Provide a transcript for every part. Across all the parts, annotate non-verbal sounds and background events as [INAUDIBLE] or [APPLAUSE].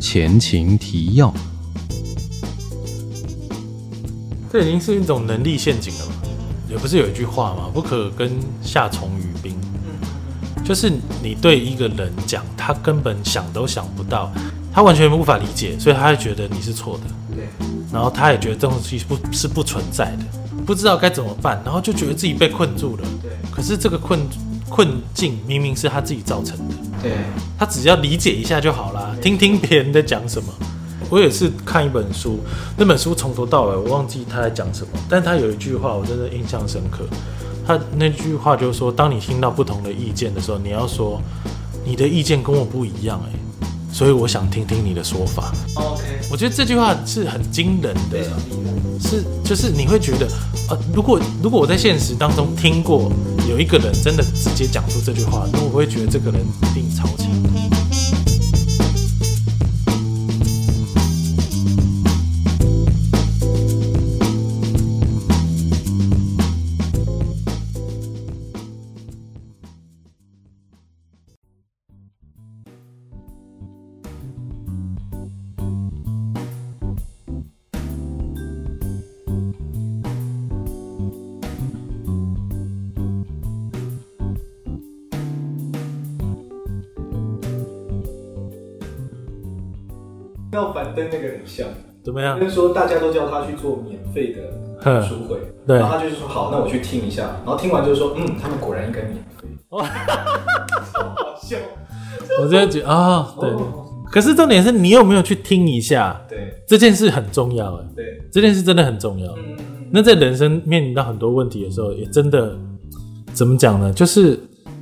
前情提要，這已經是一種能力陷阱了嘛？也不是有一句話嗎？不可跟夏蟲語冰。就是你對一個人講，他根本想都想不到，他完全無法理解，所以他會覺得你是錯的。對。然後他也覺得這種東西不是不存在的，不知道該怎麼辦，然後就覺得自己被困住了。對。可是這個困。困境明明是他自己造成的，對，他只要理解一下就好啦，聽聽別人在講什麼。我也是看一本書，那本書從頭到尾我忘記他在講什麼，但他有一句話我真的印象深刻，他那句話就是說，當你聽到不同的意見的時候，你要說，你的意見跟我不一樣欸，所以我想聽聽你的說法。OK，我覺得這句話是很驚人的，是就是你會覺得。啊，如果如果我在現實當中聽過有一個人真的直接講出這句話，那我會覺得這個人一定超強。要反對那個很像，怎麼樣？就是、說大家都叫他去做免費的贖回。對，然後他就是說好，那我去聽一下，然後聽完就是說，嗯，他們果然應該免費。哇，好好笑，我真的覺得啊、哦，對。可是重點是你有沒有去聽一下，對，這件事很重要哎、欸，對，這件事真的很重要。嗯、那在人生面臨到很多問題的時候，也真的怎麼講呢？就是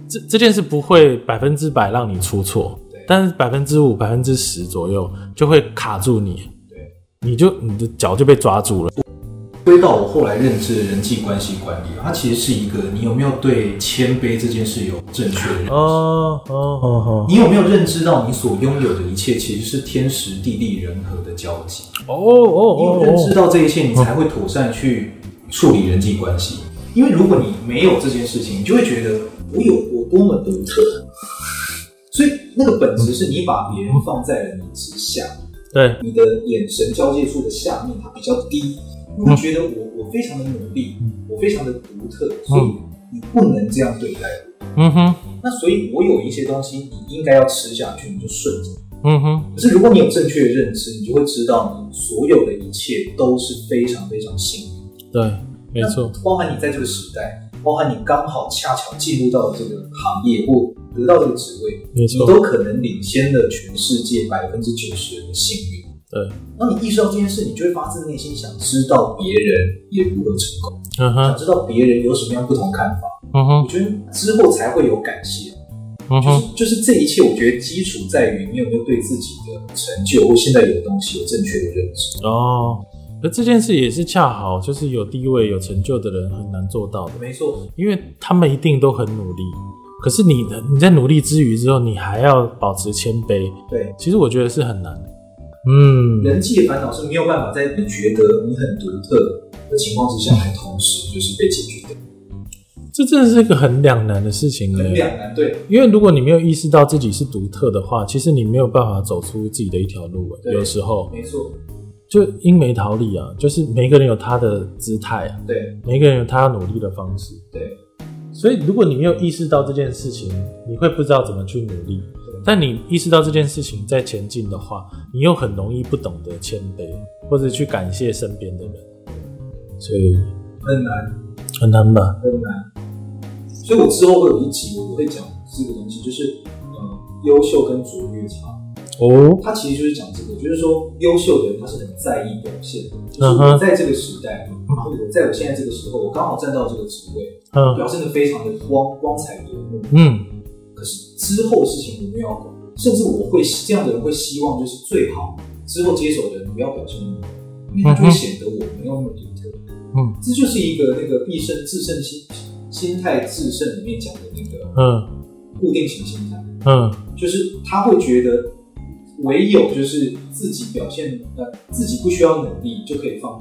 這這件事不會百分之百讓你出錯。但是百分之五、百分之十左右就會卡住你，對，你就你的腳就被抓住了。歸到我後來認知的人際關係管理，它其實是一個你有沒有對謙卑這件事有正確的認識？Oh, oh, oh, oh. 你有沒有認知到你所擁有的一切其實是天時地利人和的交集？哦哦，你有沒有認知到這一切，你才會妥善去處理人際關係。Oh. 因為如果你沒有這件事情，你就會覺得我有我多麼獨特。那個本質是你把別人放在了你之下，對你的眼神交界處的下面，它比較低。嗯、他們覺得我我非常的努力，嗯、我非常的獨特，所以你不能這樣對待我。嗯哼。那所以，我有一些東西你應該要吃下去，你就順着嗯哼。可是如果你有正確的認知，你就會知道，你所有的一切都是非常非常幸運。對，沒錯，包含你在這個時代。包含你剛好恰巧進入到這個行業或得到這個職位，你都可能領先了全世界百分之九十的幸運。對，那你意識到這件事，你就會發自內心想知道別人也如何成功，嗯、想知道別人有什麼樣不同看法。嗯哼。我覺得之後才會有感謝。嗯、就是就是這一切，我覺得基礎在於你有沒有對自己的成就或現在有的東西有正確的認知。哦。而這件事也是恰好，就是有地位、有成就的人很難做到的。沒錯，因為他們一定都很努力。可是你，你在努力之餘之後，你還要保持謙卑。對，其實我覺得是很難、欸。嗯。人際的煩惱是沒有辦法在你覺得你很獨特的情況之下，還同時就是被解決掉。這真的是一個很兩難的事情。兩難，對。因為如果你沒有意識到自己是獨特的話，其實你沒有辦法走出自己的一條路、欸。有時候，沒錯。就英美逃離啊，就是每一個人有他的姿態啊，對，每一個人有他要努力的方式，對。所以如果你沒有意識到這件事情，你會不知道怎麼去努力。但你意識到這件事情在前進的話，你又很容易不懂得謙卑，或者去感謝身邊的人。所以很難，很難吧？很難。所以我之後會有一集，我會講這個東西，就是呃，優秀跟卓越差。哦、oh.，他其實就是講這個，就是說，優秀的人他是很在意表現的。Uh -huh. 就是我在這個時代，然後我在我現在這個時候，我剛好站到這個職位，uh -huh.，表現的非常的光光彩奪目的，嗯，uh -huh.。可是之後事情我沒有，甚至我會這樣的人會希望，就是最好之後接手的人不要表現，那會顯得我沒有那麼獨特。Uh -huh. 這就是一個那個心態致勝心，心態致勝裡面講的那個嗯固定型心態，嗯，uh -huh.，就是他會覺得。唯有就是自己表現，呃，自己不需要努力就可以放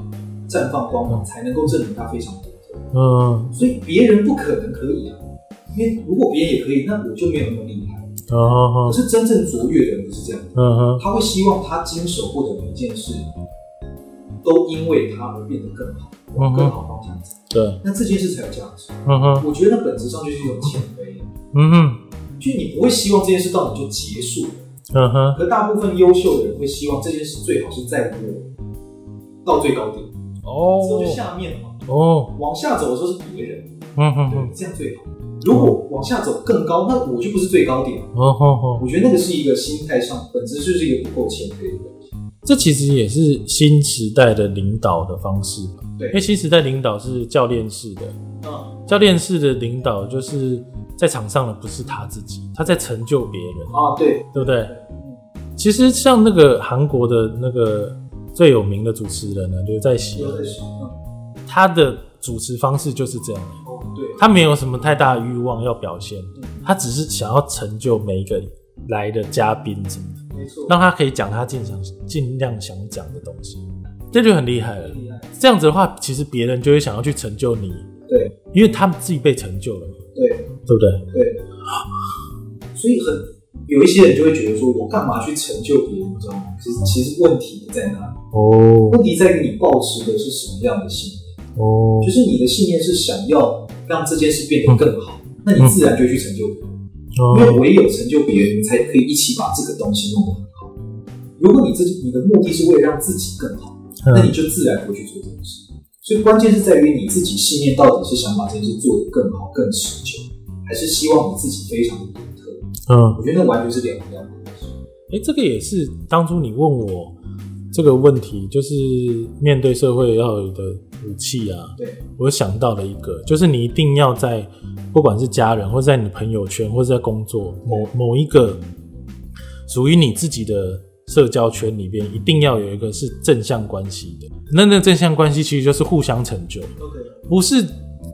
綻放光芒，才能夠證明他非常獨特。嗯，所以別人不可能可以啊，因為如果別人也可以，那我就沒有那麼厲害。可、嗯、是真正卓越的人不是這樣、嗯。他會希望他經手過的每件事都因為他而變得更好，往更好方向走。對、嗯，那這件事才有價值、嗯。我覺得本質上就是一種謙卑。嗯哼，就你不會希望這件事到你就結束了。嗯哼，可大部分優秀的人會希望這件事最好是在我到最高點哦，之後就下面了嘛哦，往下走的時候是別人嗯哼，哼，對，這樣最好。如果往下走更高，那我就不是最高點了哦哦，我覺得那個是一個心態上，本質就是一個不夠謙卑的問題。這其實也是新時代的領導的方式，對，因為新時代領導是教練式的，嗯，教練式的領導就是。在場上的不是他自己，他在成就別人啊，對對不對、嗯？其實像那個韓國的那個最有名的主持人呢，劉在錫、嗯嗯、他的主持方式就是這樣、哦，他沒有什麼太大的慾望要表現，他只是想要成就每一個來的嘉賓，真的沒錯，讓他可以講他儘想儘量想講的東西，這就很厲害了，厲害，這樣子的話，其實別人就會想要去成就你，對，因為他們自己被成就了，對。對不對？對，所以很有一些人就會覺得說：“我幹嘛去成就別人？”你知道嗎？其實其實問題在哪裡？哦、oh.，問題在於你抱持的是什麼樣的信念？哦、oh.，就是你的信念是想要讓這件事變得更好，嗯、那你自然就去成就別人、嗯，因為唯有成就別人，才可以一起把這個東西弄得很好。如果你自己你的目的是為了讓自己更好，嗯、那你就自然會去做這件事。所以關鍵是在於你自己信念到底是想把這件事做得更好、更持久。還是希望你自己非常的獨特。嗯，我覺得那完全是兩兩回事。哎，這個也是當初你問我這個問題，就是面對社會要有的武器啊。對，我想到了一個就是你一定要在不管是家人，或者在你朋友圈，或者在工作，某某一個屬於你自己的社交圈裡邊，一定要有一個是正向關係的。那那個正向關係其實就是互相成就。OK，不是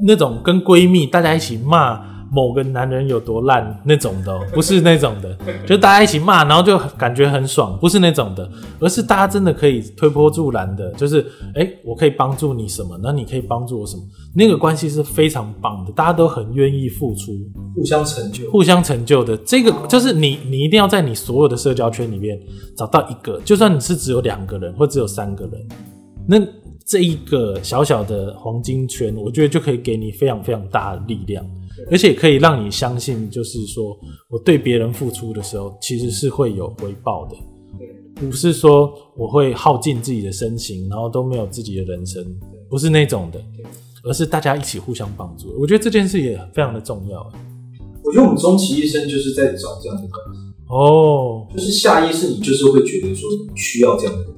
那種跟閨蜜大家一起罵。某個男人有多爛那種的喔，不是那種的，就大家一起罵，然後就感覺很爽，不是那種的，而是大家真的可以推波助瀾的，就是，誒，我可以幫助你什麼，那你可以幫助我什麼，那個關係是非常棒的，大家都很願意付出，互相成就，互相成就的。這個就是你，你一定要在你所有的社交圈裡面找到一個，就算你是只有兩個人或只有三個人，那這一個小小的黃金圈，我覺得就可以給你非常非常大的力量。而且可以讓你相信，就是說，我對別人付出的時候，其實是會有回報的。對，不是說我會耗盡自己的身形，然後都沒有自己的人生，不是那種的，而是大家一起互相幫助。我覺得這件事也非常的重要啊。我覺得我們終其一生就是在找這樣的關係。哦，就是下意識，你就是會覺得說你需要這樣的。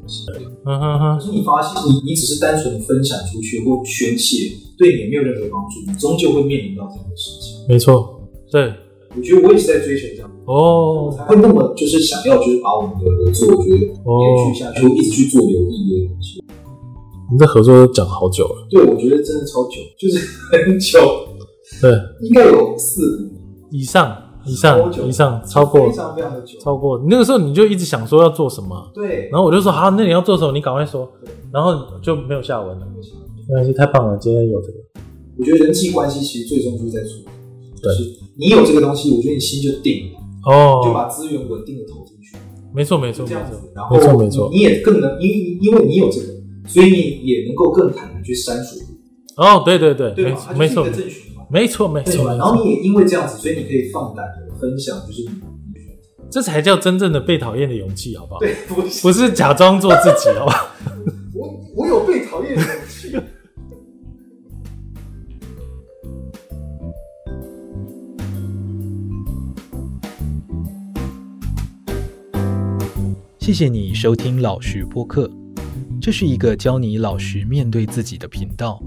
嗯、哼哼，可是你發現你，你你只是單純的分享出去或宣洩，對你也沒有任何幫助，你終究會面臨到這樣的事情。沒錯，對，我覺得我也是在追求這樣哦，才會那麼就是想要就是把我們的合作，我覺得延續下去，哦、一直去做有意義的東西。你們的合作都講好久了，對，我覺得真的超久，就是很久，對，應該有四年以上。以上以上超過，超過，那個時候你就一直想說要做什麼，對，然後我就說好，那你要做什麼？你趕快說，然後就沒有下文了。那是太棒了，今天有這個，我覺得人際關係其實最終就是在做，對，就是、你有這個東西，我覺得你心就定了，哦，就把資源穩定的投進去，沒錯沒錯，這樣子，沒然後沒錯你也更能因因為你有這個，所以你也能夠更坦然去刪除。哦，對對對，對，對，沒錯沒錯。沒沒錯，沒錯。然後你也因為這樣子，所以你可以放膽的分享，就是你。這才叫真正的被討厭的勇氣，好不好？對，不，不是假裝做自己好不好？好 [LAUGHS] 吧？我我有被討厭的勇氣。 [LAUGHS] 謝謝你收聽老實播客，這是一個教你老實面對自己的頻道。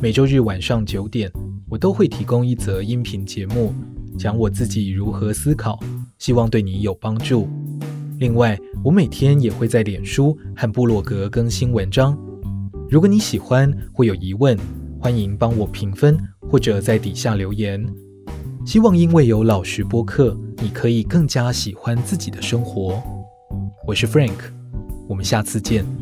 每周日晚上九點。我都會提供一則音頻節目，講我自己如何思考，希望對你有幫助。另外，我每天也會在臉書和部落格更新文章。如果你喜歡，或有疑問，歡迎幫我評分或者在底下留言。希望因為有老實播客，你可以更加喜歡自己的生活。我是 Frank，我們下次見。